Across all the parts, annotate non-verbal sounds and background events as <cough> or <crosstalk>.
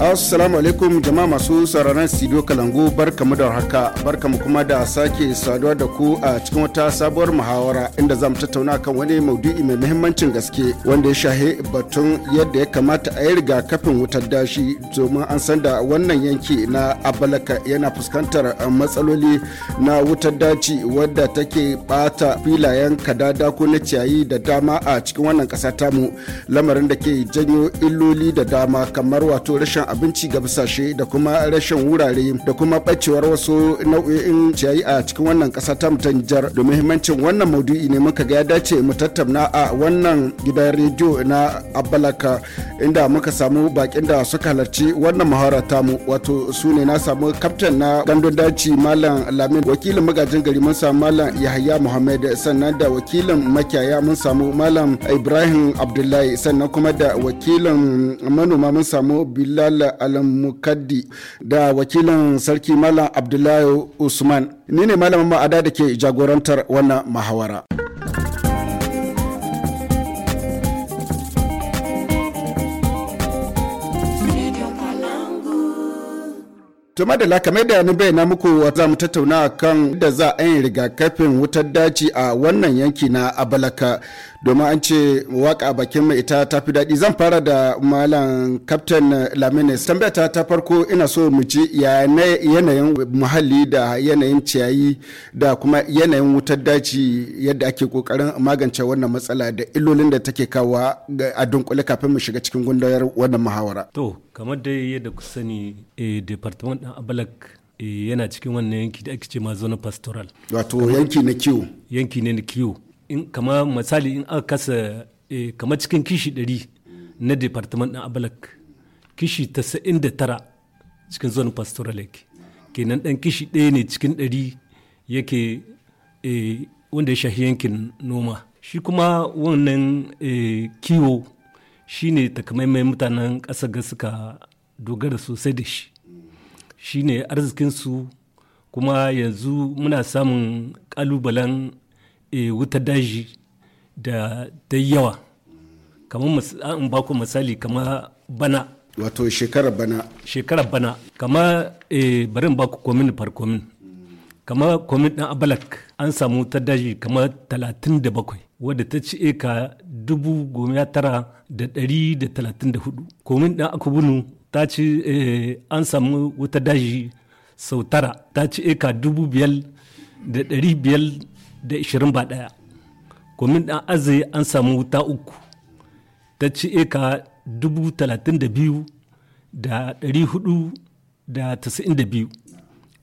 Assalamu alaikum jama'a masu sauraron studio Kalangu barkamu da haka barkamu kuma da sake saduwa da ku a cikin wata sabuwar muhawara inda zamu tattauna kan wani maudu'i mai muhimmancin gaske wanda ya shahe batun yadda ya kamata a yi rigakafin wutar dashi domin an san da wannan yanki na Abalaka yana fuskantar matsaloli na wutar daji wadda take bata filayen kadada ko na ciyayi da dama a cikin wannan kasa mu lamarin da ke janyo illoli da dama kamar wato rashin rashin abinci ga bisashe da kuma rashin wurare da kuma ɓacewar wasu nau'o'in ciyayi a cikin wannan ƙasa ta mutan Nijar. Da muhimmancin wannan maudu'i ne muka ga ya dace mu tattauna a wannan gidan rediyo na Abalaka inda muka samu bakin da suka halarci wannan muhawara mu wato su na samu kaftan na gandun daci Malam Lamin wakilin magajin gari mun samu Malam Yahaya Muhammad sannan da wakilin makiyaya mun samu Malam Ibrahim Abdullahi sannan kuma da wakilin manoma mun samu Bilal Allah Al-Mukaddi da wakilin sarki Malam Abdullahi Usman. Ni ne malamin ma'ada da ke jagorantar wannan muhawara. To madala kamar da ni bayyana muku za mu tattauna kan da za a yi rigakafin wutar daci a wannan yanki na Abalaka domin an ce waka bakin mai ita ta fi daɗi zan fara da malam Captain Lamines tambayata ta farko ina so mu ji yanayin muhalli da yanayin ciyayi da kuma yanayin wutar daci yadda ake kokarin magance wannan matsala da illolin da take kawo a dunkule kafin mu shiga cikin gundayar wannan muhawara. To kamar dai yadda ku sani eh, department ɗin abalak eh, yana cikin wannan yanki da ake ce ma zona pastoral wato yanki na kiwo yanki ne na kiwo in kama misali in aka kasa eh, kamar cikin kishi ɗari na department ɗin abalak kishi ta sa'in da tara cikin zona pastoral yake kenan ɗan kishi ɗaya ne cikin ɗari yake eh, wanda ya shahi yankin noma shi kuma wannan eh, kiwo shi ne takamaimai mutanen ƙasar ga suka dogara sosai da shi shi ne arzikinsu kuma yanzu muna samun ƙalubalen e, eh, wuta daji da ta yawa kamar an ba ku misali kama bana wato shekara bana shekara bana kama e, eh, barin ba ku komin farkomin kama komin ɗan abalak an samu ta daji kama 37 wadda ta ci eka dubu goma tara da ɗari da talatin da hudu komin ɗan akubunu ta ci eh, an samu wata daji sau tara ta ci eka dubu biyar da ɗari biyar da ishirin ba ɗaya komin ɗan azai an samu wuta uku ta ci eka dubu talatin da biyu da ɗari hudu da tasa'in da biyu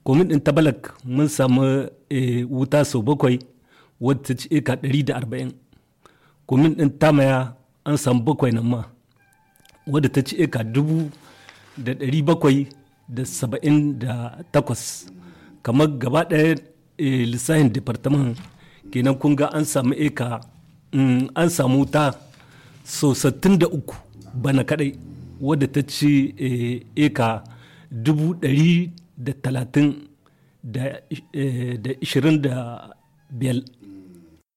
komin ɗin tabalak mun samu eh, wuta sau bakwai wadda ta ci eka ɗari da arba'in komin ɗin tamaya an samu bakwai nan ma wadda ta ci eka dubu da ɗari bakwai da saba'in da takwas kamar gaba ɗaya eh, lissahin departaman kenan kun ga an samu eka mm, an samu ta so da uku bana kadai wadda ta ci eh, eka dubu ɗari da talatin da eh, ishirin da biyar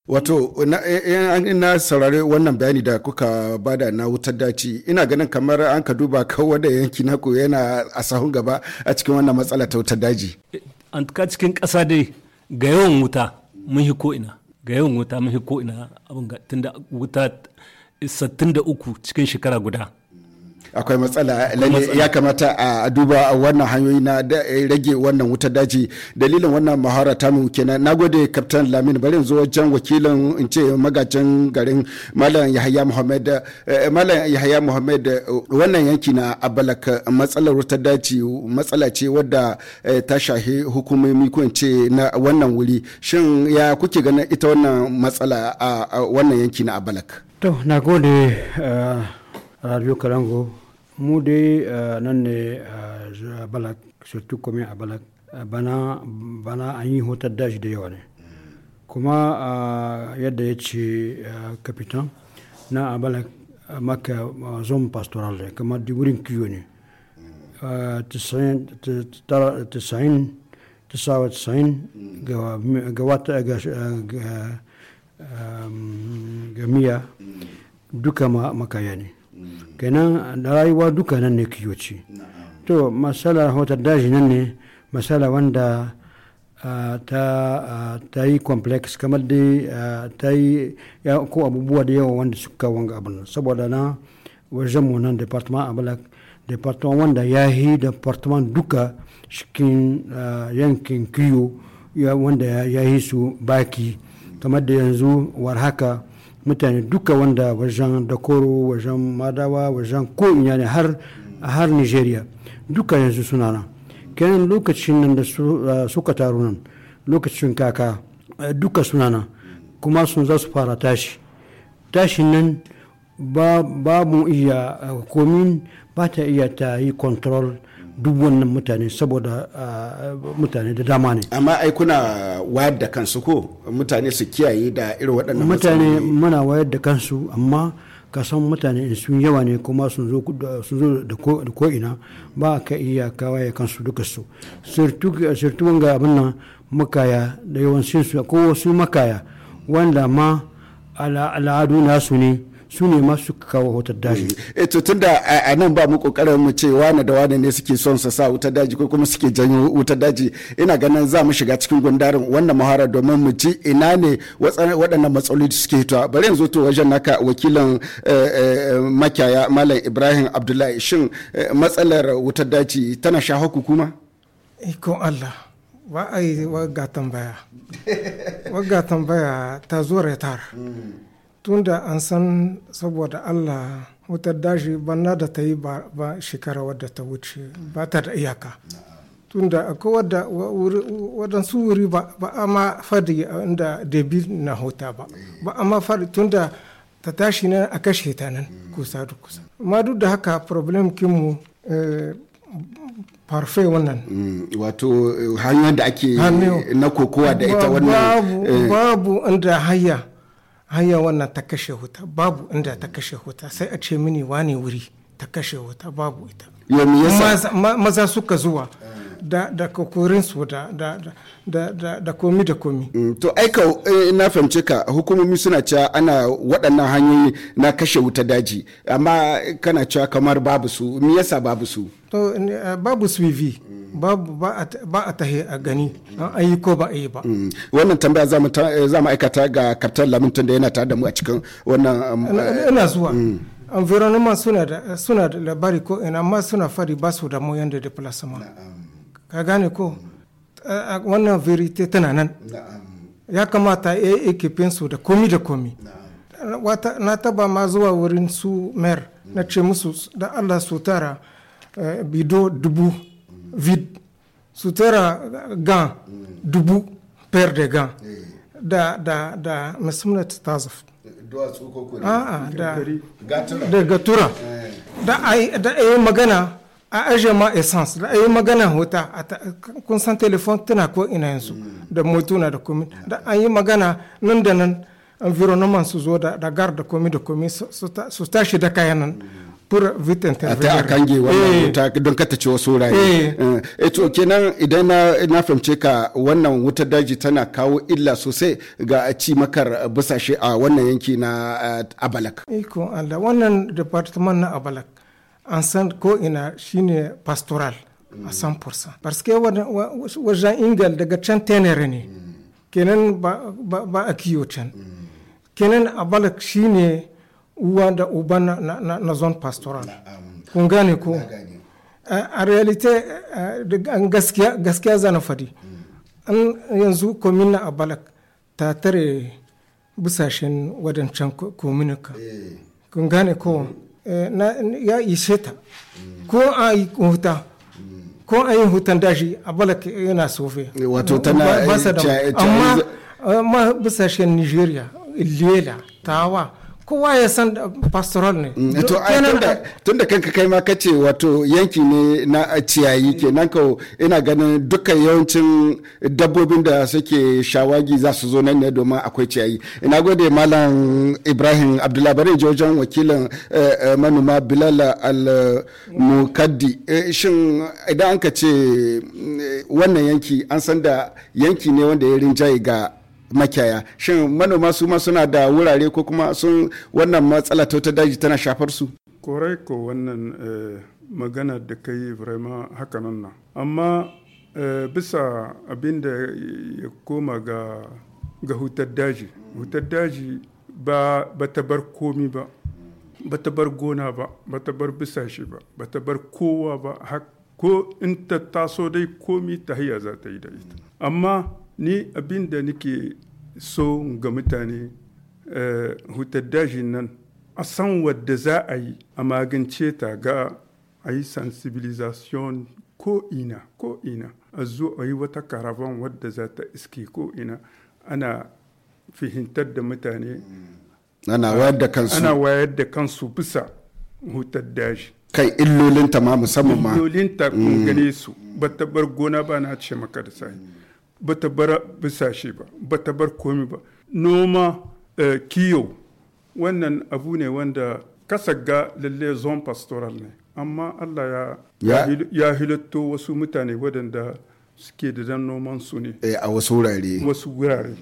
Wato, eh, eh, ina saurari wannan bayani da kuka bada na wutar daci, ina ganin kamar an ka duba kawai da yanki naku yana a sahun gaba a cikin wannan matsala ta wutar daji. Eh, an ka cikin ƙasa dai ga yawan wuta mun hi ko'ina, ga yawan wuta mun hi ina abin tunda wuta 63 cikin shekara guda. akwai matsala ya kamata a duba wannan hanyoyi na eh, rage wannan wutar daji dalilin wannan mahara ta mu kenan nagode kaptan lamin bari zo wajen wakilin in ce magajin garin malam yahaya muhammad eh, eh, malam yahaya muhammad wannan yanki na abalaka matsalar wutar daji matsala ce wadda ta shahi hukumomi ko in ce na wannan wuri shin ya kuke ganin ita wannan matsala a wannan yanki na abalak to na gode radio kalango mu dai nan ne balak surtout kome a balak bana bana an yi hotar dashi da yawa ne kuma yadda ya ce kapitan na a balak maka zon pastoral ne kamar wurin kiyo ne 99 gawata ga miya duka makaya ne kenan rayuwa duka nan ne kiyo ce to masala hotar daji nan ne masala wanda ta yi complex kamar da ta yi ko abubuwa da yawa wanda suka wanga abin saboda na wajen mu nan departement abalak departement wanda ya yi departement duka cikin yankin kiyo wanda ya yi su baki kamar da yanzu war haka mutane duka wanda wajen dakoro wajen madawa wajen ko ina ne har har nigeria duka yanzu suna nan kenan lokacin nan da ah, suka taru nan lokacin kaka eh, duka suna nan kuma sun za su fara tashi tashi nan babu iya ah, komin ba ta iya ta yi control duk wannan mutane saboda ah, mutane da dama ne amma ai kuna wayar da kansu ko mutane su kiyaye da irin waɗannan mutane muna wayar da kansu amma ka san mutane sun yawa ne kuma sun zo da ko'ina ba ka iya ya kansu duka su sirtu wanga abin nan makaya da yawancinsu ko wasu makaya wanda ma al'adu nasu ne su ne masu kawo wutar daji. E to tunda a nan ba mu kokarin mu ce wane da wane ne suke son su sa wutar daji ko kuma suke janyo wutar daji ina ganin za mu shiga cikin gundarin wannan muhara domin mu ji ina ne waɗannan matsaloli suke hitowa bari yanzu to wajen naka wakilin eh, eh, makiyaya malam Ibrahim Abdullahi shin matsalar wutar daji tana sha hukuma? Ikon Allah ba a yi wagga tambaya <laughs> tambaya ta zuwa retar. Mm. tunda an san saboda allah wutar daji banna da ta yi ba shekara wadda ta wuce ba ta da iyaka tunda akwai wadda waɗansu wuri ba a ma fadi inda debi na hota ba ba a ma fadi tunda ta tashi nan a kashe ta nan kusa da kusa ma duk da haka problem kinmu eh, parfe wannan mm, wato eh, hanyar da ake na kokowa da ita wannan babu eh. inda haya hanyar wannan ta kashe wuta babu inda ta kashe wuta sai a ce mini wane wuri ta kashe wuta babu ita maza suka zuwa da da kokorinsu da da da da da komi da komi mm, to aika eh, na fahimce ka hukumomi suna cewa ana waɗannan hanyoyi na kashe wuta daji amma kana cewa kamar babu su me yasa babu su to eh, babu suivi babu ba a tahe a gani an yi ko ba a yi ba mm, wannan tambaya za mu eh, aikata ga kaftan lamintun da yana tare da mu a cikin wannan um, ina zuwa mm. environnement suna da labari ko ina amma suna fari ba su da mu yanda da plasma ka gane ko wannan verite tana nan ya kamata ya yi ekipin su da komi da komi na taba ma zuwa wurin su mer mm. na ce musu da allah su tara eh, bido dubu mm. vid su tara gan mm. dubu per de gan eh. da da da musamman tazaf da gatura eh. da a yi magana a aje ma essence da ayi magana wuta kun san telefon tana ko ina yanzu da motuna da komi da an yi magana nan da nan environnement su zo da gar da komi da komi su tashi da kayan nan pour vite intervenir a kange wannan eh. wuta don kata ci wasu raye eh. Eh. eh to kenan idan na na fahimce ka wannan wutar daji tana kawo illa sosai ga a ci makar busashe a wannan yanki na abalak iko Allah wannan department na abalak an san ko ina shine pastoral a 100% mm. parce que wajen ingal daga can tenere ne mm. kenan ba a kiyo can mm. kenan a balak shine uwa da uba na zone pastoral kun gane ko a realite gaskiya zana fadi an yanzu komina a balak ta tare busashen wadancan komunika eh. kun gane ko ya ishe ta ko a yi huta ko a yi hutan dashi a balak yana sofe wato tana eh, eh, amma bisa nigeria lela tawa kowa ya san uh, pastoral ne mm, tun da kanka kai ma kace wato yanki ne na uh, ciyayi kenan ka ina ganin duka yawancin dabbobin da suke shawagi za su zo nan ne domin akwai ciyayi ina gode malam ibrahim abdullahi jojon wakilin uh, manuma bilal al mukaddi eh, shin idan an ka ce mm, eh, wannan yanki an san da yanki ne wanda ya rinjaye ga makiyaya shin manoma su ma suna da wurare ko kuma sun wannan matsala ta daji tana shafar su korai ko wannan eh, magana da ka yi vraiment haka nan amma eh, bisa abin da ya koma ga ga hutar daji hutar daji ba ta bar komi ba ba ta bar gona ba ba ta bar bisashe ba ba ta bar kowa ba ko in ta taso dai komi ta hayya za ta yi da ita amma ni abin da nake so ga mutane eh, hutar dajin nan a san wadda za a yi a magance ta ga a yi sensibilisation ko ina ko ina a zo a yi wata karavan wadda za ta iske ko ina ana fahimtar da mutane hmm. ana wayar da kansu ana wayar da kansu bisa hutar daji kai illolinta ma musamman ma illolinta kun hmm. gane su ba ta bar gona ba na ce maka da sai hmm. ta bar bisashe ba ta bar komi ba noma eh, kiyo wannan abu ne wanda kasagga lalle zon pastoral ne amma allah ya hilatto wasu mutane waɗanda suke da dan noman su ne eh, a wasu wurare wasu wurare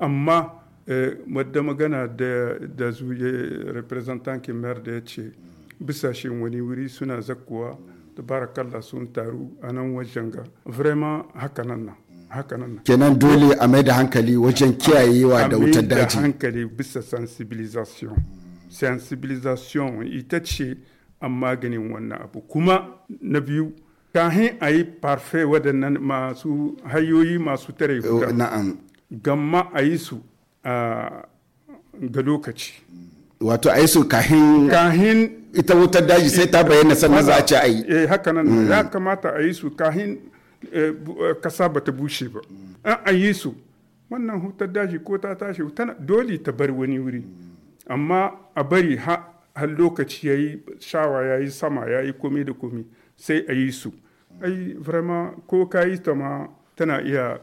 amma eh, wadda magana da zuye representant kimar da ya ce bisashen wani wuri suna zakkuwa da barakallah sun taru a nan wajen ga vraiment haka nan nan kenan dole a mai da hankali wajen kiyayewa da wutar daji hankali bisa sensibilisation sensibilisation ita ce an maganin wannan abu kuma na biyu kahin a yi parfe waɗannan masu hayoyi masu tare guda oh, gamma a yi su ga lokaci wato a yi su kahin kahin ita wutar daji sai ta bayyana sannan za a ci a yi eh haka nan mm. ya kamata a yi su kahin kasa eh, eh, ba ta bushe ba an a su wannan hutar daji ko ta tashi tana dole ta bar wani wuri amma a bari har lokaci ya yi shawa ya yi sama ya yi komai da komai sai a yi su ai vraiment ko kayi yi ta ma tana iya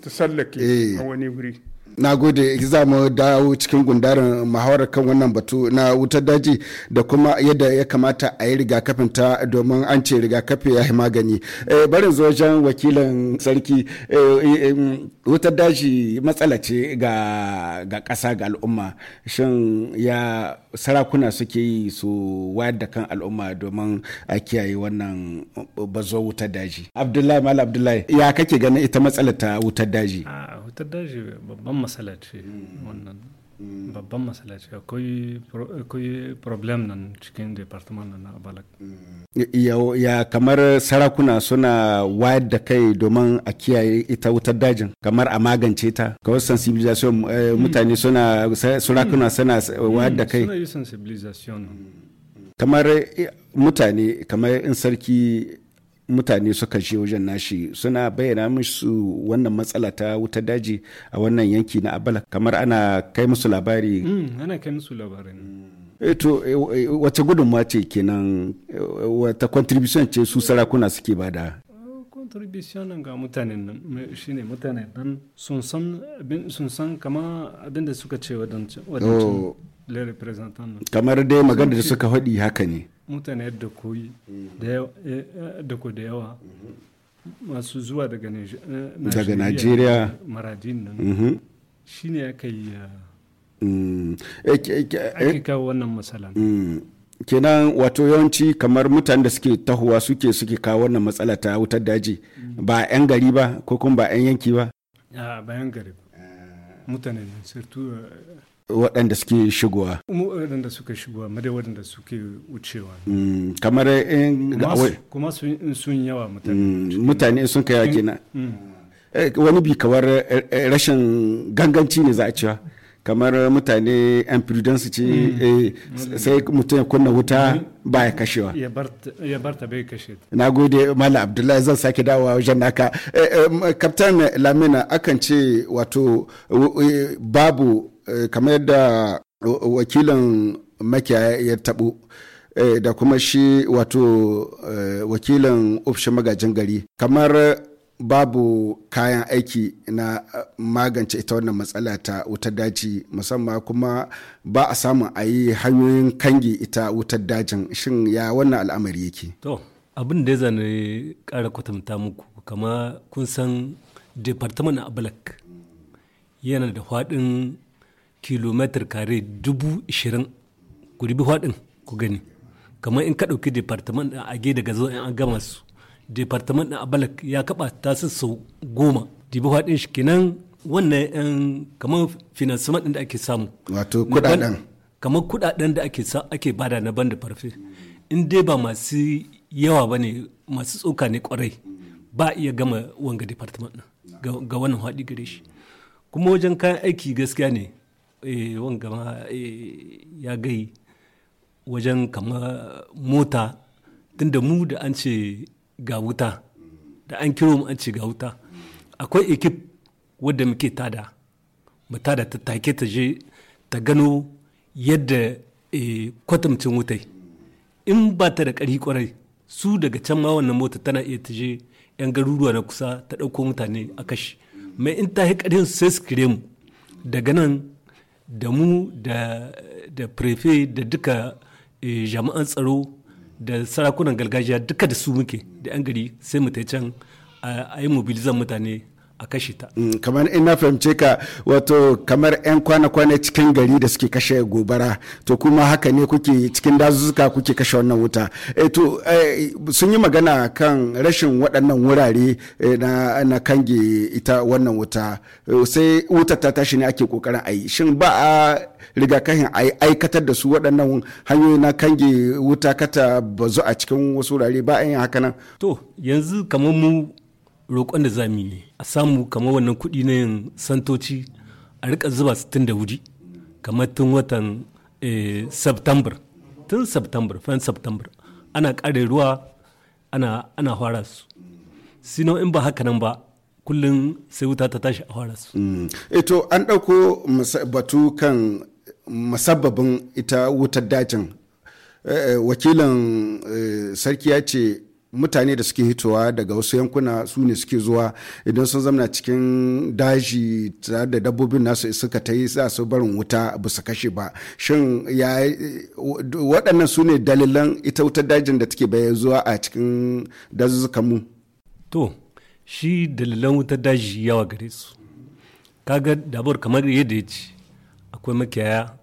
ta sallake eh. a wani wuri na gode za mu dawo cikin gundarin muhawarar kan wannan batu na wutar daji da kuma yadda ya kamata a yi rigakafin ta domin an ce rigakafi ya yi magani eh, barin zo wakilin sarki eh, eh, wutar daji matsala ce ga ƙasa ga al'umma shin ya sarakuna suke yi su wayar da kan al'umma domin a kiyaye wannan bazo wutar daji abdullahi mal abdullahi ya kake ganin ita matsala ta wutar daji wutar daji babban matsala ce mm. wannan mm. babban ce akwai problem nan cikin na abalak mm. ya kamar sarakuna suna wayar da kai domin a kiyaye ita wutar dajin kamar a magance ta kawai sensibilisation eh, mutane suna sarakuna suna wayar da kai kamar eh, mutane kamar in sarki mutane suka je wajen nashi suna bayyana musu wannan matsala ta wuta daji a wannan yanki na abala kamar ana kai musu labari hmm, ana kai musu labari eh, to eh, eh, wace gudunmawa ce kenan wata contribution ce su sarakuna suke bada contribution ga mutanen nan shine mutanen nan sun san sun san kama abin da suka ce wadancan oh. kamar dai magana da suka faɗi haka ne mutane mm-hmm. da koyi eh, eh, da ku da yawa mm-hmm. masu zuwa daga nigeria eh, maradin nan mm-hmm. shi ne aka yi mm. ake kawo wannan matsala mm. kenan wato yawanci kamar mutane da suke tahowa suke suke kawo wannan matsala ta wutar daji mm. ba 'yan gari ba ko kuma ba 'yan yanki ba ah, bayan gari ah. mutane ne waɗanda suke shigowa mu waɗanda suka shigowa madai waɗanda suke wucewa mm, kamar in kuma sun yawa mutane mm, mutane sun kai na mm, eh, wani bi kamar eh, eh, rashin ganganci ne za a cewa kamar mutane yan prudence ce sai mutum ya kunna wuta ba ya kashewa ya bar ta bai kashe na gode mala abdullahi zan sake dawowa wajen naka kaptan lamina akan ce wato babu Eh, kamar yadda wakilin makiyaya ya taɓo eh, da kuma shi wato eh, wakilin ofishin magajin gari kamar babu kayan aiki na magance ita wannan matsala ta wutar daji musamman kuma ba a samun a yi hanyoyin kangi ita wutar dajin shin ya wannan al'amari yake to abin da ya zane kara kwatanta muku kama kun san of black yana da faɗin kilomitar kare dubu ishirin ku dubi faɗin ku gani kamar in ka ɗauki departament ɗin age daga zuwa in an gama su departament ɗin abalak ya kaɓa su sau goma dubi faɗin shi kenan wannan yan kamar financement ɗin da ake samu wato kuɗaɗen kamar kuɗaɗen da ake ake bada na banda farfe in dai ba masu yawa ba ne masu tsoka ne kwarai ba iya gama wanga department ɗin ga wannan haɗi gare shi kuma wajen kayan aiki gaskiya ne Eh, wanga ma eh, ya gai wajen kama mota tunda mu da an ce ga wuta da an kiro mu an ce ga wuta akwai ekip wadda muke tada mu tada ta take ta je ta gano yadda eh, kwatamcin wutai in ba ta da ƙari kwarai su daga can ma wannan mota tana iya ta je 'yan garuruwa na kusa ta ɗauko mutane a kashi mai in ta yi ƙarin sai su kire mu daga nan da mu da da prefe da duka eh, jami'an tsaro da sarakunan gargajiya duka da su muke da 'yan gari sai mu ta can a yi mobilizan mutane a kashe ta. Mm, kamar ina fahimce ka wato kamar 'yan kwana-kwana cikin gari da suke kashe gobara to kuma haka ne kuke cikin dazuzuka kuke kashe wannan wuta. Eh, to eh, sun yi magana kan rashin waɗannan wurare eh, na, na kange ita wannan wuta sai wutar ta tashi ne ake kokarin a yi shin ba a rigakafin a aikatar da su waɗannan hanyoyi na kange wuta kata bazu a cikin wasu wurare ba a yin haka nan. To yanzu kamar mu roƙon da za mu yi a samu kamar wannan kuɗi na yin santoci a rika zuba su tun da wuri kamar tun watan eh, september tun september fan september ana ƙare ruwa ana ana fara su sino in ba haka nan ba kullum sai wuta ta tashi a fara su mm. eto eh, an ɗauko batu kan musabbabin ita wutar dajin eh, wakilan sarki ya ce mutane da suke hitowa daga wasu yankuna su ne suke zuwa idan sun zamana cikin daji tare da dabbobin nasu suka ta yi za su barin wuta ba su kashe ba shin ya waɗannan su ne dalilan ita wutar dajin da take bayan zuwa a cikin dazuzzukan mu to shi dalilan wutar daji yawa gare su kaga dabar kamar yadda ya ce akwai makiyaya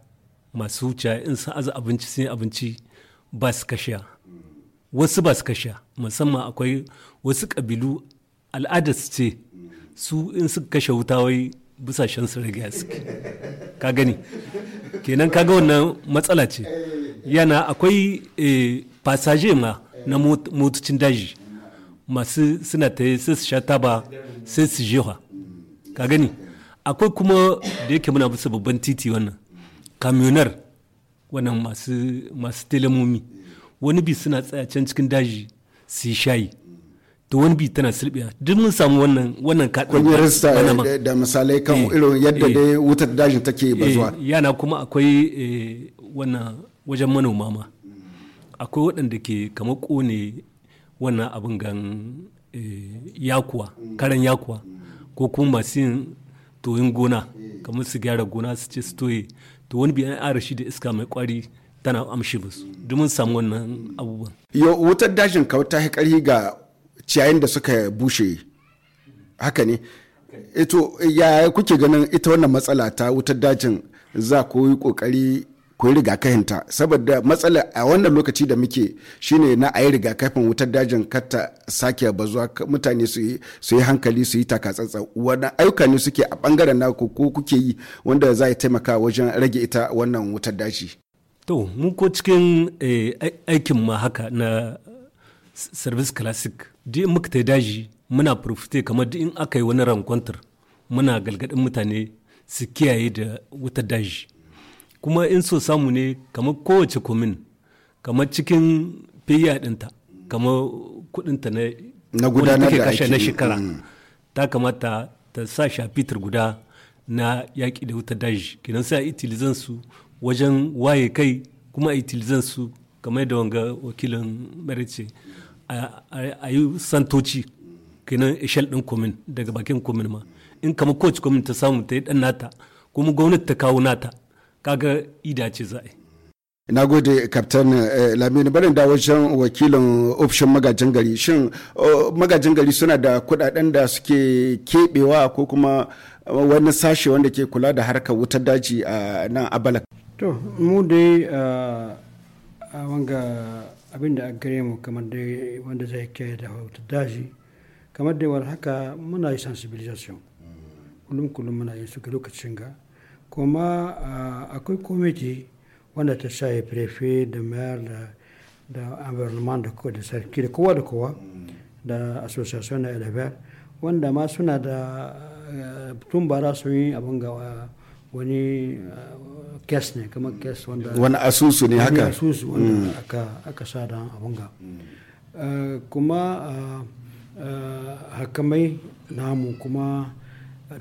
masu wuce in sun aza abinci sun abinci ba su kashe wasu ba su kashe, musamman akwai wasu kabilu al'adar su ce su in suka kashe wuta wai busashen su rage suke ka gani kenan kaga wannan matsala ce yana akwai eh, fasaje ma na motocin daji masu suna ta yi sai su sha taba sai su jewa ka gani akwai kuma da yake muna bisa babban titi wannan kamionar wannan masu telemomi wani bi suna tsaya can cikin daji su yi shayi to wani bi tana sulbiya duk mun samu wannan wannan kaɗin wannan eh, da misalai kan eh, irin yadda eh. dai wutar dajin take bazuwa yana kuma akwai wannan wajen manoma ma akwai waɗanda ke kamar ƙone wannan abin gan yakuwa karan yakuwa ko kuma masu yin toyin gona kamar su gyara gona su ce su toye to wani bi an arashi da iska mai kwari tana amshi musu domin samu wannan abubuwan. Yo wutar dajin kawai ta karhi ga ciyayin da suka bushe haka ne. Ito eh, ya kuke ganin ita wannan matsala ta wutar dajin za ku yi kokari ku yi rigakafinta saboda matsala a wannan lokaci da muke shine na a yi rigakafin wutar dajin karta sake bazuwa mutane su yi hankali su yi takatsantsa wannan ayyuka ne suke a bangaren naku ko kuke yi wanda za ya taimaka wajen rage ita wannan wutar daji to mu ko cikin eh, aikin ma haka na service classic duk muka ta daji muna profite kamar duk in aka yi wani rankwantar muna galgadin mutane su kiyaye da wuta daji kuma in so samu ne kamar kowace komin kamar cikin fiya dinta kamar kudinta na na gudanar da aiki na shekara mm. ta kamata ta sa shafitar guda na yaƙi da wuta daji kenan sai a itilizan su wajen waye kai kuma a su kamar da wanga wakilin marice a yi santoci kenan ishal din komin daga bakin komin ma in kama coach komin ta samu ta yi dan nata kuma gwamnati ta kawo nata kaga ida ce za'a na gode kaftan eh, lamini barin da wajen wakilin ofishin magajin gari shin magajin gari suna da kudaden da suke kebewa ko kuma wani sashe wanda ke kula da harkar wutar daji a nan abalak to mu dai a wanga abin da a gare mu kamar dai wanda zai ke da hautar daji kamar da war haka muna yi sensibilisation kullum kullum muna yin su ga lokacin ga kuma akwai komiti wanda ta shaye prefe da mayar da da environnement da da sarki da kowa da kowa da association na elever wanda ma suna da tun bara sun yi abin ga wani kes ne kamar kes wanda wani asusu ne haka asusu wanda mm. aka sa da abin ga eh, kuma eh, eh, hakamai namu kuma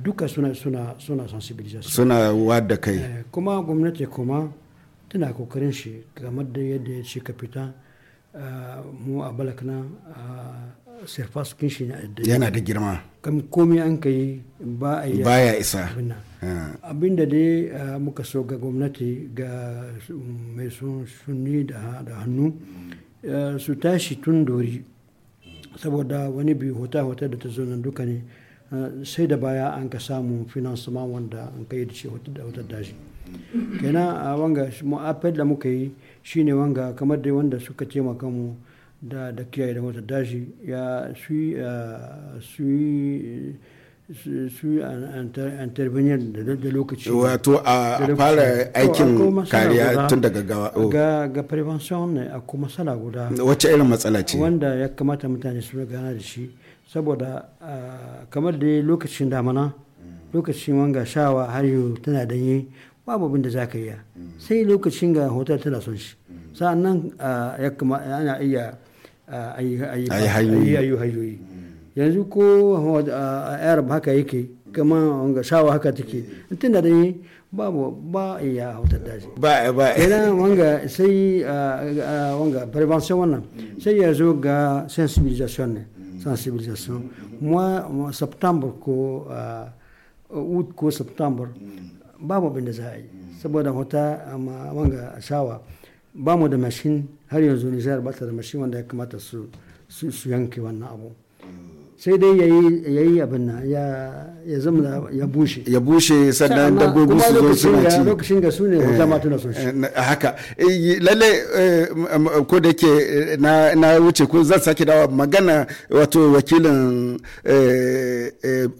duka suna suna suna sensibilisation suna wada kai kuma gwamnati kuma tana kokarin shi kamar da yadda ya ce kapitan mu a balakna surface kin shi yana da girma kam komai an ka yi ba ya isa abinda dai ah, muka so ga gwamnati ga mai sun sunni da hannu eh, su tashi tun dori saboda wani biyu hota-hota da ta zo nan duka ne ah, sai da baya an ka samu finansama wanda an ka da shi hota daji kenan a ah, wanga mu da muka yi shine wanga kamar dai wanda suka taimaka mu da da kiyaye da wata dashi ya sui sui su an tarbiyyar da lokaci wato a fara aikin kariya tun daga gawa oh. ga prevention ne a kuma matsala guda wacce irin matsala ce wanda ya kamata mutane su gana da shi saboda kamar da lokacin damana lokacin wanga shawa har yau tana danye babu abin da za ka yi mm. sai lokacin ga hotel tana son shi mm. sa'annan ya kama ana iya a hanyoyi yanzu ko a arab haka yake kama shawa haka take tun da dai ba iya hautar ba ba yana wanga sai wanga prevention wannan sai ya zo ga sensibilisation ne sensibilisation mwa september ko août ko september mu bin da za a yi saboda wata wanga shawa ba mu da mashin har yanzu nijar ba ta da mashin wanda ya kamata su yanke wannan abu sai dai ya yi abin nan ya zama ya bushe ya bushe sannan dabbobi su zo suna ci lokacin ga su ne eh, zama tuna so shi eh, eh, haka lalle ko da ke na wuce ko zan sake dawa magana wato wakilin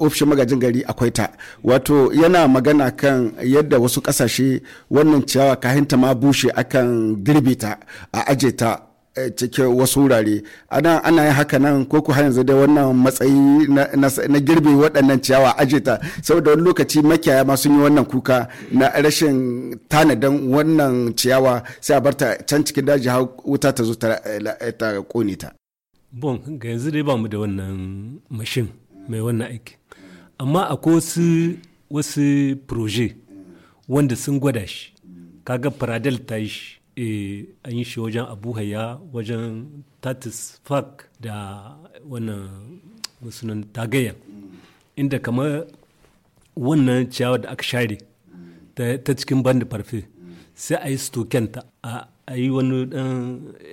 ofishin magajin gari akwai ta wato yana magana kan yadda wasu kasashe wannan ciyawa kahinta ma bushe akan girbe ta a aje ta Eh, cikin wasu wurare ana ana yin haka nan ko ku har yanzu dai wannan matsayi na girbe waɗannan ciyawa ajeta saboda wani lokaci makiyaya ma sun yi wannan kuka na rashin tanadan wannan ciyawa sai a barta can cikin daji har wuta ta zo ta kone ta bon ga yanzu dai ba da wannan mashin mai wannan aiki amma akwai wasu wasu proje wanda sun gwada shi kaga faradal ta yi shi E, an yi shi wajen abu haya wajen tatis park da wannan musulun tagayen inda kamar wannan ciyawa da aka share ta cikin bandi farfe sai a yi stokenta a yi wani dan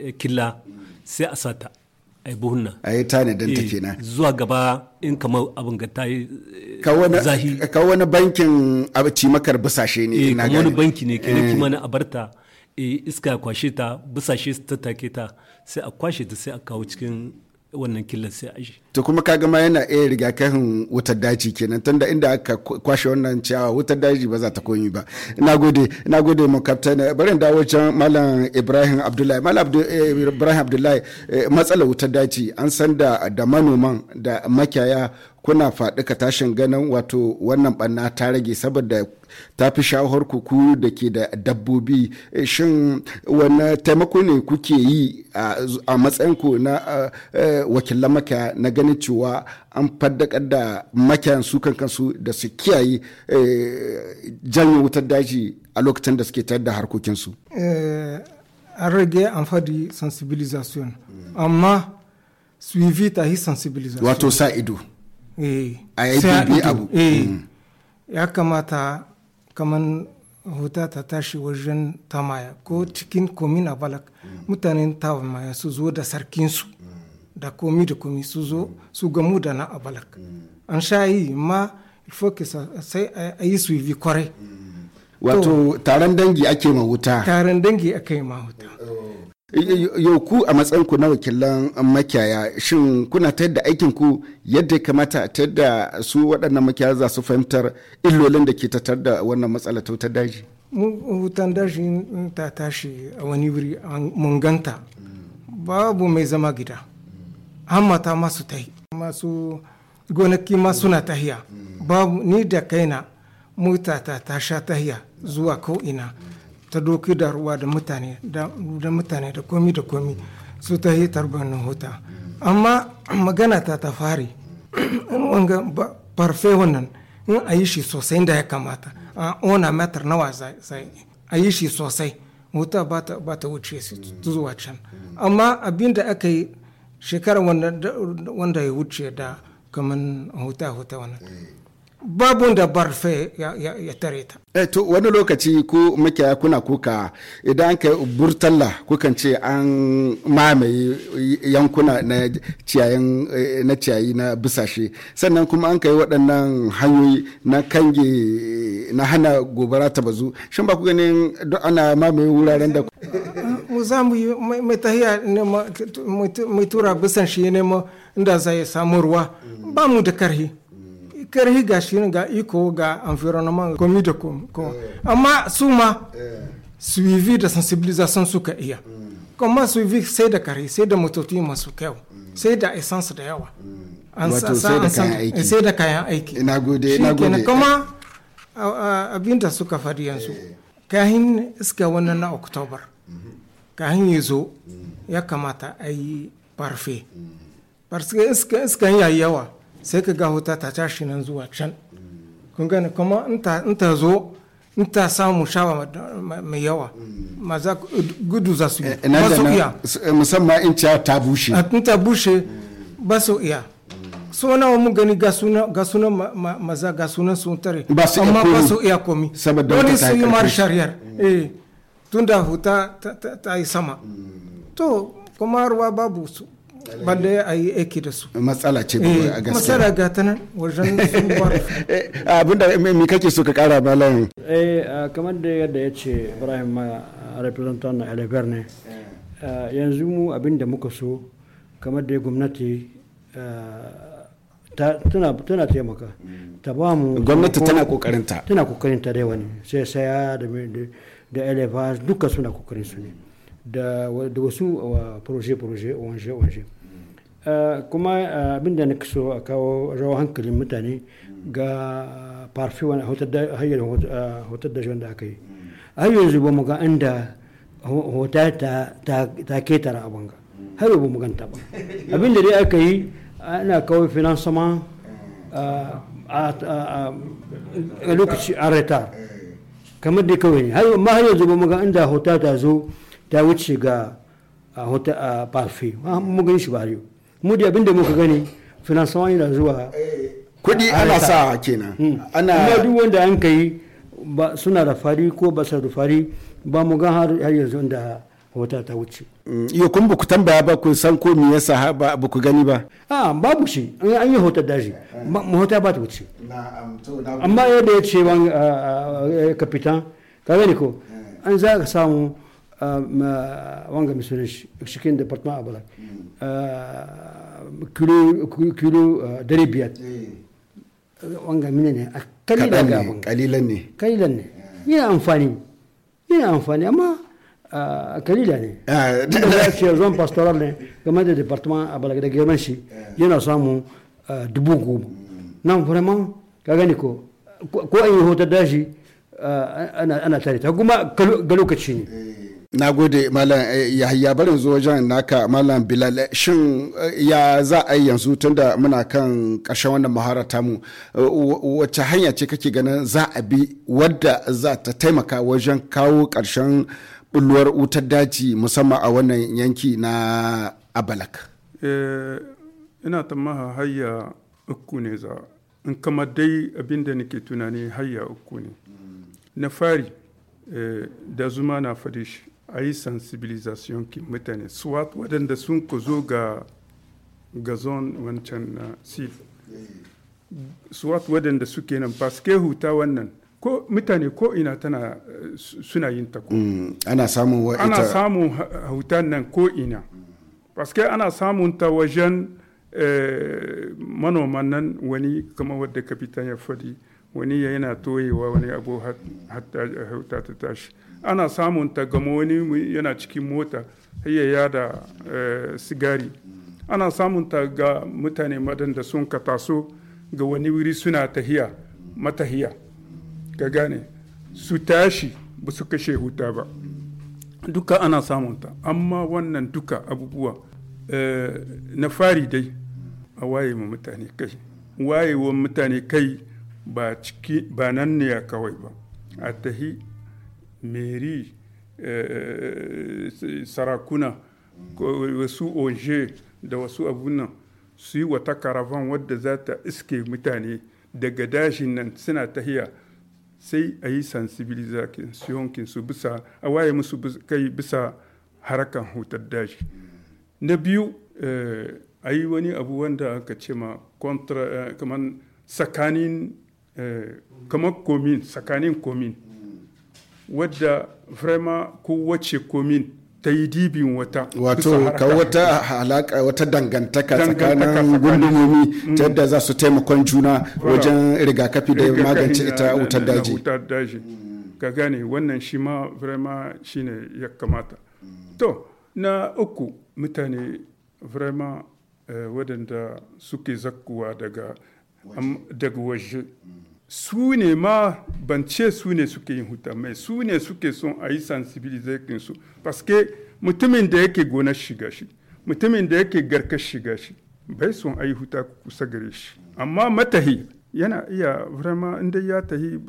eh, killa sai a sata a yi buhunna a yi don take kenan zuwa gaba in kamar abin ga ta yi eh, zahi ka wani bankin abci makar busashe ne e, ina gani wani banki ne kuma eh. kimanin abarta E, iska kwashe ta busashe ta take ta sai a kwashe ta sai a kawo cikin wannan killar sai a to kuma kaga ma yana iya rigakafin wutar daji kenan tunda inda aka kwashe wannan ciyawa wutar daji ba za ta komi ba na gode mu captain eh, barin dawo can malam Ibrahim Abdullahi malam eh, Ibrahim Abdullahi eh, matsalar wutar daji an san da da manoman da makiyaya kuna faɗi ka tashin ganin wato wannan ɓanna ta rage saboda ta fi shawar kuku da ke da dabbobi shin wani taimako ne kuke yi a matsayin ku na wakilan maka na gani ganin cewa an faddakar da makiyan su kansu da su kiyaye eh, janyo wutar daji a lokacin da suke tayar da harkokinsu. Eh, an rage amfani sensibilisation hmm. amma su yi vita yi sensibilisation wato sa ido eh, a yi abu hmm. ya kamata kamar hota ta tashi wajen tamaya ko cikin komin balak hmm. mutanen tamaya su zo da sarkinsu da komi da komi su zo su gamu da na abalak mm. an sha yi ma ilfoki sai a yi su yi kwarai mm. wato taron dangi ake ma wuta taron dangi ake ma wuta oh. yau ku a matsayin ku na wakilan makiyaya shin kuna ta yadda aikin ku yadda ya kamata ta yadda su waɗannan makiyaya za su fahimtar illolin da ke tattar da wannan matsala ta wutar daji wutan daji ta tashi a wani wuri mun ganta mm. babu mai zama gida hammata masu ta masu gonaki ma suna tahiya babu ni da kaina mutata ta sha tahiya zuwa ko'ina ta doki da ruwa da mutane da mutane da komi da komi su ta yi tarbanin huta amma <clears throat> magana ta ta fari <clears throat> wanga farfe wannan in a yi shi sosai da ya kamata a ona matar nawa zai a yi shi sosai wuta ba ta wuce zuwa can amma abinda aka yi shekarar wanda ya wuce da kamar huta-huta wannan mm. babu da barfe ya, tare ta. Eh, to wani lokaci ku makiyaya kuna kuka idan ka burtalla kukan ce an mamaye yankuna na ciyayin eh, na ciyayi na bisashe sannan kuma an kai waɗannan hanyoyi na kange na hana gobara ta bazu shin ba ku ganin duk ana mamaye wuraren da mu za mu yi mai ma mai tura bisan shi ne inda zai samu ruwa ba mu da karhi karhi ga shi ga iko ga environnement. komi da komi eh. amma su ma eh. suivi da sensibilisation suka iya mm. kuma suivi sai da kare sai da motoci masu kyau mm. sai da essence da yawa mm. wato sai da kayan aiki sai da kayan aiki ina gode ina gode kuma abinda suka faɗi yanzu eh. kahin iska wannan na October. Mhm. kahin ya zo ya kamata a yi parce que iska yayi yawa sai ka ga wuta ta tashi nan zuwa can kun gane kuma in ta zo in ta samu shawa mai yawa maza gudu za su eh, iya eh, musamman in ciya ta bushe a ta bushe ba su iya so wa mun gani ga sunan maza ga sunan sun tare amma ba su iya komi wani su yi mara shariyar eh, tun da huta ta yi sama mm. to kuma ruwa babu su balle a yi aiki da su matsala ce ba eh, a gaskiya matsala ga ta nan wajen abin da mai kake so ka kara malam eh kamar da yadda ya ce ibrahim ma representant na elever ne eh. Eh, yanzu mu da muka so kamar da gwamnati tana taimaka hmm. ta ba mu gwamnati tana ta tana ta da wani sai saya da da elevage duka suna kokarin su ne da wasu proje proje wanje wanje kuma eh, abinda na so a kawo rawa hankalin mutane ga wani hanyar hotar da eh, da aka yi har yanzu ba mu ga inda hota ta ketara abin ga har ba mu ganta ba <laughs> abinda dai aka yi ana kawo finansama eh, a lokaci a retar kamar dai kawai ne ma har yanzu ba mu ga inda hota ta zo ta wuce ga a parfi mu gan shi ba yau mu da abin da muka gani finansawa yana zuwa kudi ana sa kenan hmm. ana amma duk wanda an kai ba suna da fari ko ba sa da fari ba mu ga har yanzu da wata ta wuce hmm. yo kun ba ku tambaya ba ku san ko me yasa ba ku gani ba a babu shi an yi hotar daji eh. hota ba ta wuce amma yadda ya ce ban kapitan ka gani ko eh. an za ka samu wanga mi sunan shi cikin departement abala kilo kilo dari biyar wanga mine ne a kalilan ga abin kalilan ne kalilan ne yana amfani yana amfani amma kalila ne da shi zon pastoral ne game da departement abala da girman shi yana e. samu dubu goma nan vraiment ka gani ko ko an e yi hotar dashi ana tare ta kuma ga lokaci ne na gode malam eh, yahaya barin zo wajen naka malam bilal eh, shin eh, ya za a yi yanzu tunda muna kan ƙarshen wannan mahara tamu wacce hanya ce kake ganin za a bi wadda za ta taimaka wajen kawo karshen bulluwar wutar daji musamman a wannan yanki na abalak ina ta maha hayya uku ne za in kama dai abinda nake tunani hayya uku ne mm. na fari da zuma na faɗi shi a yi sensibilisation kin mutane swat waɗanda sun ku zo ga gazon wancan na sif swat waɗanda suke nan paske huta wannan ko mutane ko ina tana suna yin ta mm, ana samun wa ana samun hutan nan ko ina paske ana samun ta wajen eh, manoman nan wani kama wadda kapitan ya faɗi wani yana toyewa wani abu hatta ta tashi ana samun ga wani yana cikin mota hayayya da eh, sigari ana samun ga mutane madanda sun ka taso ga wani wuri suna tahiya matahiya ka gane su tashi ba su kashe huta ba duka ana samun amma wannan duka abubuwa eh, na fari dai a waye ma mutane kai wayewan mutane kai ba nan ne kawai ba a tahi meri eh, eh, sarakuna wasu oje da wasu abunan su yi wata karavan wadda za ta iske mutane daga dashin nan suna tahiya sai a yi sensibilization su bisa a waye musu kai bisa harakan hutar daji na biyu eh, a yi wani abu wanda aka ce ma kamar tsakanin komin wadda frema ko wacce komin ta yi dibin wata wato ka wata halaka wata dangantaka tsakanin gundumomi mm. ta yadda za su taimakon juna wajen rigakafi da magance ita wutar daji ka gane wannan shi ma firama shi ne ya kamata mm. to na uku mutane frema eh, wadanda suke zakuwa daga waje mm. su ne ma ban ce su ne suke yin huta mai su ne suke son a yi sensibilization su paske mutumin da yake gona shiga shi mutumin da yake garka shiga shi bai son a yi huta kusa gare shi amma matahi yana iya rama inda ya tahi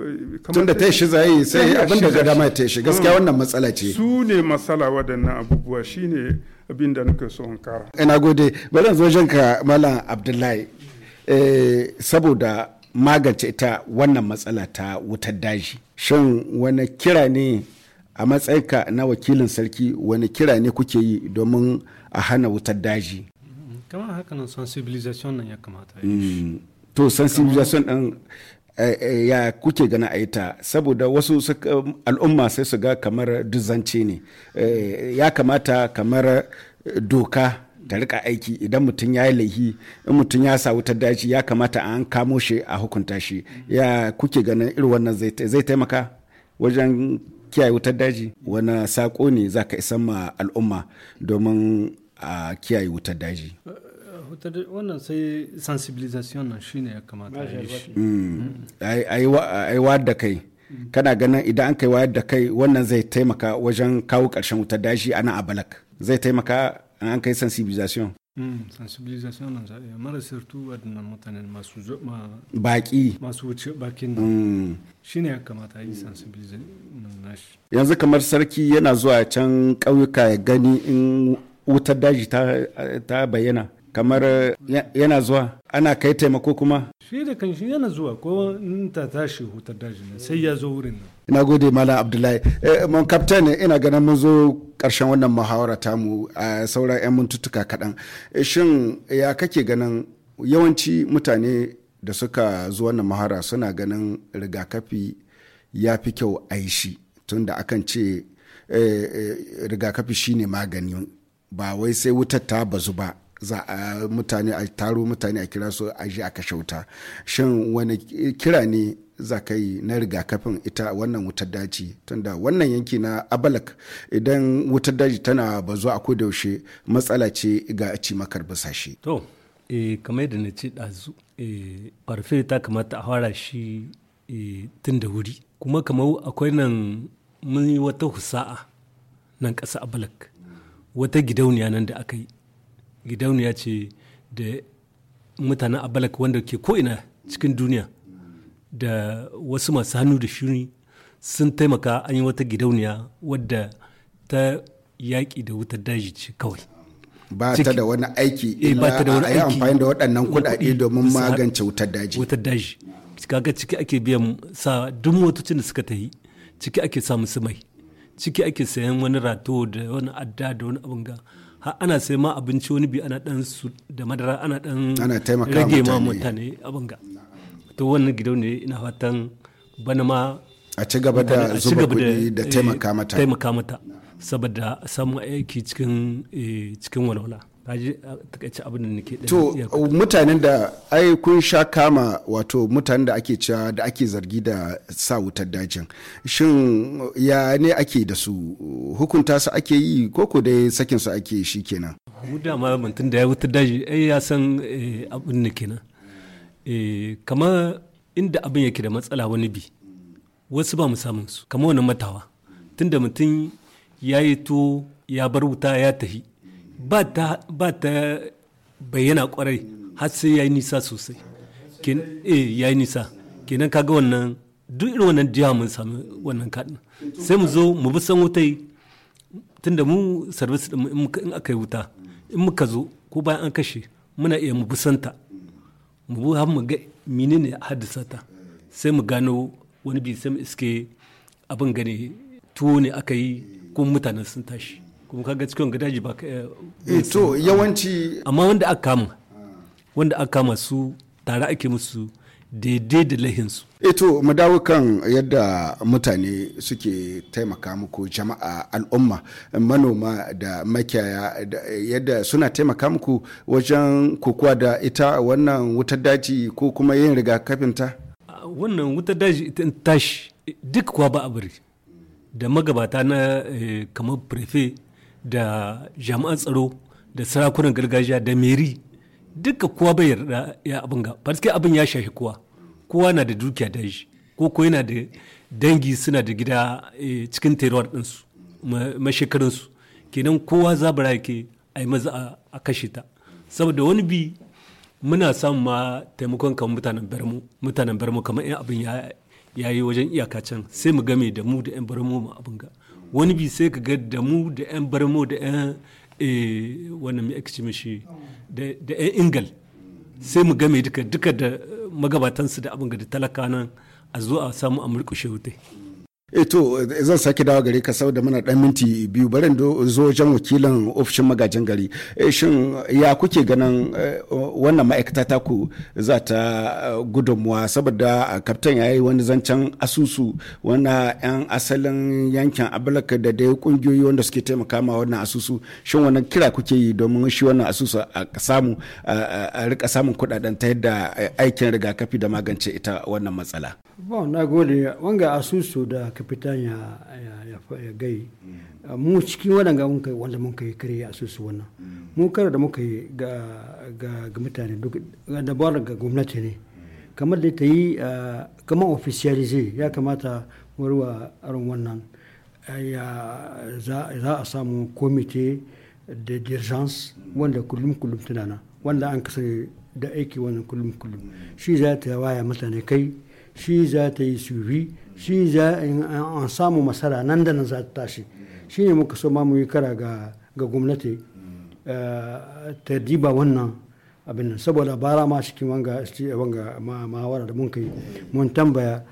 tun da ta shi yi sai abin da ga dama ta shi gaskiya wannan matsala ce su ne matsala waɗannan abubuwa ne abin da nuka son kara ina eh, gode bari zo jinka malam abdullahi eh, saboda magance ita wannan matsala ta wutar daji shin wani kira ne a matsayinka na wakilin sarki wani kira ne kuke yi domin a hana wutar daji kamar haka nan sensibilisation nan ya kamata mm. to sensibilisation din eh, eh, ya kuke gana a ita saboda wasu al'umma sai su ga kamar duzance ne eh, ya kamata kamar doka ta rika aiki idan mutum ya yi laihi in mutum ya sa wutar daji ya kamata an kamo shi a hukunta shi ya kuke ganin irin wannan zai taimaka wajen kiyaye wutar daji wani sako ne za ka isan ma al'umma domin a kiyaye wutar daji wannan sai sensibilisation nan shine ya kamata a yi mm. da kai kana ganin idan an kai wayar da kai wannan zai taimaka wajen kawo ƙarshen wutar daji a nan a balak zai taimaka an kai sensibilisation hmm, sensibilisation nan za a mara sirtu waɗannan mutanen masu masu wuce bakin hmm. shi ne ya kamata yi sensibilisation yanzu kamar sarki yana zuwa can ƙauyuka ya gani in wutar daji ta bayyana kamar yana zuwa ana kai taimako kuma shi da kan shi yana zuwa ko ta tashi hutar daji ne sai ya zo wurin nan ina gode malam abdullahi eh, mon captain ina ganin mun zo karshen wannan muhawara tamu a sauran yan mintuttuka kadan eh, shin ya kake ganin yawanci mutane da suka zo wannan muhawara suna ganin rigakafi ya fi kyau a yi shi da akan ce eh, rigakafi shine magani ba wai sai wutar ta bazu ba za a mutane a taro mutane a kira su a ji a kashe wuta shin wani kira ne za ka yi na rigakafin ita wannan wutar daji tunda wannan yanki na abalak idan wutar daji tana bazuwa a yaushe matsala ce ga cimakar basashe to e, kamar da na ce ɗazu e, eh, farfe ta kamata a fara shi e, tun da wuri kuma kamar akwai nan mun yi wata husa'a nan ƙasa abalak wata gidauniya nan da aka yi gidauniya ce da mutanen abalak wanda ke ko'ina cikin duniya da wasu masu hannu da shuni sun taimaka an yi wata gidauniya wadda ta yaƙi da wutar daji ce kawai ba ta da wani aiki eh, ila a yi amfani da waɗannan kuɗaɗe domin magance wutar daji wutar daji kaga ciki ake biyan sa duk motocin da suka yi ciki ake sa su mai ciki ake sayan wani rato da wani adda da wani abin ga har ana sai ma abinci wani bi ana dan su da madara ana dan rage ma mutane abin ga to wannan gidau ne ina fatan bana ma a ci gaba da zuba kuɗi da eh, taimaka mata taimaka mata saboda samun aiki cikin eh, cikin walwala abin da to mutanen da ai kun sha kama wato mutanen da ake cewa da ake zargi da sa wutar dajin shin ya ne ake da su hukunta su ake yi koko da sakin su ake shi kenan mu da ma mutum da ya wutar daji ai ya san eh, abin da kenan eh, kamar inda abin yake da matsala wani bi wasu ba mu samun su kamar wani matawa tunda mutum ya yi to ya bar wuta ya tafi ba ta bayyana kwarai har sai ya yi nisa sosai eh, ya yi nisa kenan kaga wannan duk irin wannan jiha mun sami wannan kaɗin sai mu zo mu bi san tun tunda mu service in aka yi wuta in muka zo ko bayan an kashe muna iya mu bi san ta mu bi har mu ga ne haddasa ta sai mu gano wani bi sai mu iske abin gane tuwo ne aka yi ko mutanen sun tashi kuma kaga cikin gadaji ba eh, eh to yawanci amma wanda aka kama wanda aka kama su tare ake musu daidai da lahinsu. Eh, to mu dawo kan yadda mutane suke taimaka muku jama'a al'umma manoma da makiyaya yadda suna taimaka muku wajen kokuwa da ita wannan wutar daji ko kuma yin rigakafinta? Wannan wutar daji ita tashi duk kuwa ba a bari da magabata na eh, kamar prefe da jami'an tsaro da sarakunan gargajiya da meri duka kowa bai yarda ya abin ga farske abin ya shahi kowa kowa na da dukiya da shi ko ko yana da dangi suna da gida eh, cikin terowar ɗinsu mashekarinsu kenan kowa zabara yake a yi maza a kashe ta saboda wani bi muna samun ma taimakon kamar mutanen bermu mutanen kamar yan abin ya yi wajen iyaka can sai mu game da mu da yan bermu mu abin ga wani bi sai ka ga da mu da 'yan barmo da 'yan eh, wani mai ake mishi da 'yan ingal sai mu game duka duka da magabatansu da abin da talaka nan a zo a samu a murkushe wutai eto eh, zan sake dawo gare ka da mana dan minti biyu barin zo wajen wakilan ofishin magajin gari eh, shin ya kuke ganin eh, wannan ma'aikata ta ku za ta gudunmuwa saboda kaftan ya yi wani zancen asusu wanda yan asalin yankin abalaka da dai kungiyoyi wanda suke taimaka ma wannan asusu shin wannan kira kuke yi domin shi wannan asusu a samu a rika samun kudaden ta yadda aikin rigakafi da magance ita wannan matsala. Bon, na gode wanga asusu da kapitan ya, ya, ya gai mm. mu cikin wadanga mun kai wanda mun kai kare a susu wannan mm. mu kare da muka yi ga ga mutane duk da bar ga gwamnati ne mm. kamar da ta yi kamar officialize ya kamata warwa aron wannan ya za a samu komite da dirgence wanda kullum kullum tunana wanda an kasa da aiki wannan kullum kullum shi za ta waya mutane kai shi za ta yi sufi shi za a samu masara nan da nan za ta tashi shi ne muka so ma mu yi kara ga gwamnati eh, ta diba wannan abin saboda bara ma cikin wanga ma wara da mun kai mun tambaya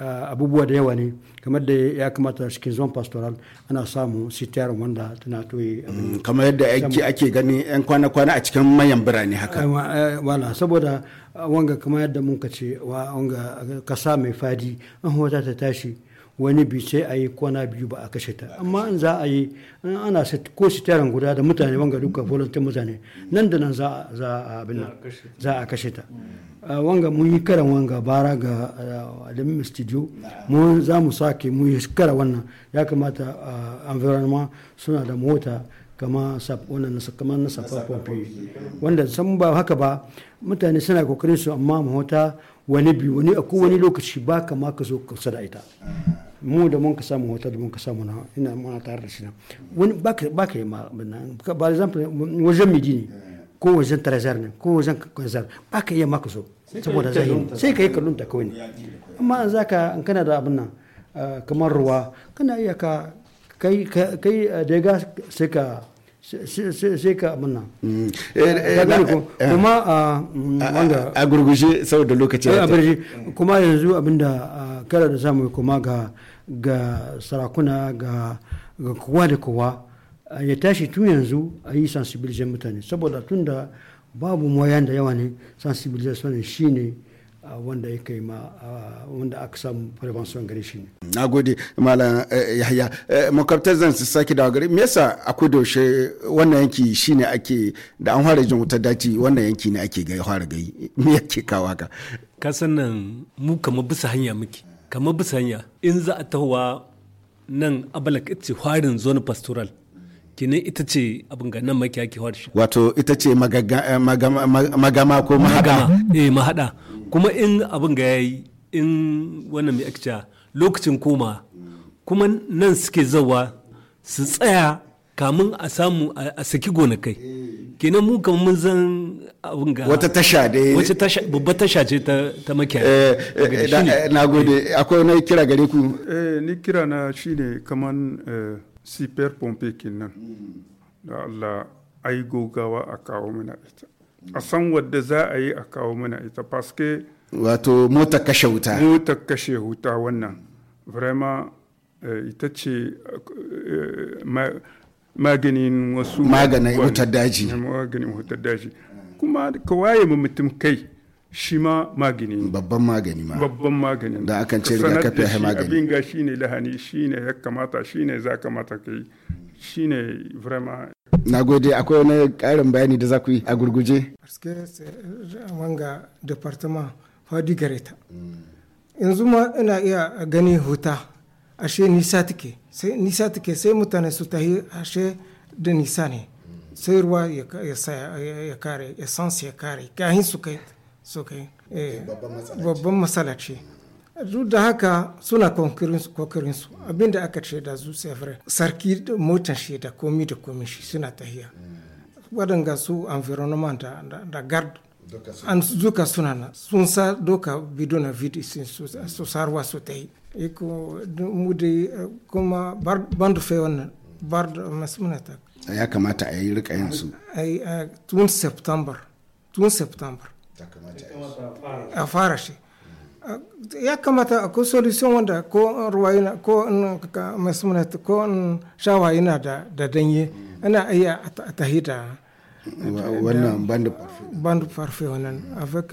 Ah, abubuwa da yawa ne kamar da ya kamata cikin zon pastoral ana samu sitiyar wanda tana toye mm, kamar yadda ake gani yan kwana-kwana a cikin manyan birane haka ah, eh, wala saboda ah, wanga kamar yadda mun ce wanga kasa mai fadi an hota ta tashi wani bi sai a yi kwana biyu ba a kashe ta amma in za a yi ana ko sitaran guda da mutane wanga duka volunteer mutane nan da nan za a kashe ta ah, wanga mun yi karan wanga bara ga alamin ah, studio mun za mu sake mun yi kara wannan ya kamata ah, environment suna da mota kama wannan kamar na wanda san ba haka ba mutane suna kokarin su amma mota wani biyu wani a wani lokaci ba ka ma ka zo kusa da ita mu da mun ka samu hotel mun ka samu na ina muna tare da shi na wani ba ka ba ka yi ma ba example wajen miji ne ko wajen tarazar ne ko wajen kwanzar ba ka iya ma ka zo saboda zahiri sai ka yi kallon ta kawai ne amma za ka an kana da abin nan ah, kamar ruwa kana iya ka kai ah, da ya sai ka sai ka kuma a saboda eh, mm. kuma yanzu abinda ah, kara da samu kuma ga ga sarakuna ga kowa da kowa ya tashi tun yanzu a yi sensibilizar mutane saboda tun da babu moyan da yawa ne sensibilizar shi ne Ah, wanda ya kai ma ah, wanda aka samu prevention gare shi ne. Na gode Malam eh, Yahya. Eh, makwabtar zan su sake da gari. Me yasa akwai daushe wannan yanki shine ake da an fara jin wutar daji wannan yanki ne ake gai fara gai. Me yake kawo ka Ka san nan mu kama bisa hanya muke. Kama bisa hanya in za a tahowa nan abalak ita ce farin zone pastoral. kinin ita ce abin ga nan maki ake farin. Wato ita ce eh, magama ko mahada. Eh mahada kuma in abin ga yayi in wannan mai akca lokacin koma kuma nan suke zawa su tsaya kamun a samu a saki gonakai eh. kenan mu kamar mun zan abin ga wata tasha dai wata tasha babba tasha ce ta makiyaya eh, eh, na gode akwai wani kira gare ku ni kira na shine kaman super pompe kenan hmm. da Allah ai gogawa a kawo mana ita a san wadda za a yi a kawo mana ita paske wato mota kashe wuta mota kashe wuta wannan vraiment eh, ita ce eh, maganin wasu maganin wutar daji eh, maganin wutar daji kuma ka waye ma mutum kai shi ma magani babban magani ma babban magani da akan ce rigakafi ya magani abin ga shine lahani shine ya kamata shine za kamata kai shine vrema na gode akwai wani karin bayani da za ku yi a gurguje eh, wanga departement fadi gareta yanzu ma ina iya gani huta ashe nisa take sai nisa take sai mutane su tahi ashe da nisa ne sai ruwa ya kare essence ya kare kahin su su kai eh, babban matsala ce duk da haka suna kokarin su abinda aka ce da zu sefre sarki motan shi da komi da komi shi suna tahiya waɗanga su environment da guard an duka suna na sun sa doka na vid su sarwa su ta yi iko mu kuma bandu fai wannan bar da masu muna ta ya kamata a yi rika yin su tun september tun september a fara shi ya kamata ko solution wanda ko ruwa yana ko mai suna ko shawa yana da danye ana iya tahi da wannan bandu parfait bandu parfait wannan avec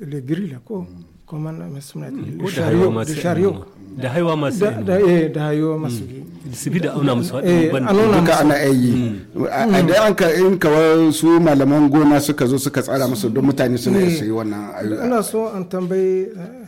le grill ko kuma mai suna da shariyo da haiwa masu da eh da haiwa masu su bi da auna musu eh, duka ana yi hmm. da an ka in kawar su malaman gona suka zo suka tsara musu don mutane suna eh, yi wannan ayyuka ina so an tambayi eh,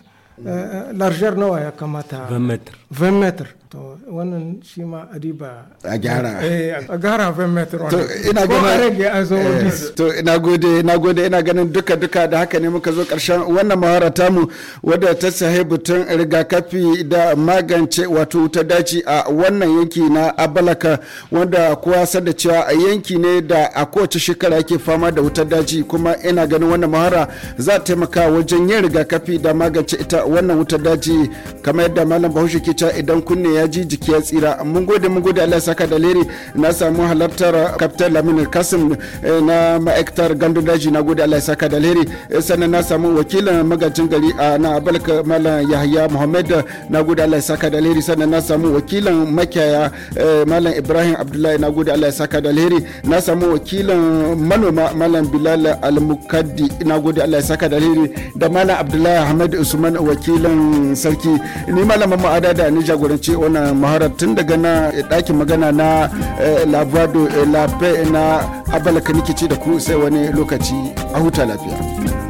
Euh, euh, largeur no waaye comme 20 mètres. 20 meter to wannan shi ma adiba a gyara eh, a gyara 20 meter to ina gona rage a zo eh, to ina gode ina gode ina ganin duka duka da haka ne muka zo karshen wannan mahara tamu wadda ta sahi butun rigakafi da magance wato ta daci a wannan yanki na abalaka wanda kowa san da cewa yanki ne da a kowace shekara yake fama da wutar daji kuma ina ganin wannan mahara za ta taimaka wajen yin rigakafi da magance ita wannan wutar daji kamar yadda malam bahaushe ke cewa idan kunne ya ji jiki ya tsira mun gode mun gode Allah saka da leri na samu halartar kaftan Lamin Kasim eh, na ma'aikatar gandu daji na gode Allah saka da leri eh, sannan na samu wakilin magajin gari a na Abalka Malam Yahya Muhammad na gode Allah saka da leri sannan na samu wakilin makiyaya eh, Malam Ibrahim Abdullahi na gode Allah saka da leri na samu wakilin manoma Malam Bilal Al-Mukaddi na gode Allah saka da leri da Malam Abdullahi Ahmad Usman wakilin sarki ni Malam Adada ni jagoranci wannan maharar tun daga na ɗakin magana na eh, labrado eh, lape na abalaka nikici da ku sai wani lokaci a huta lafiya.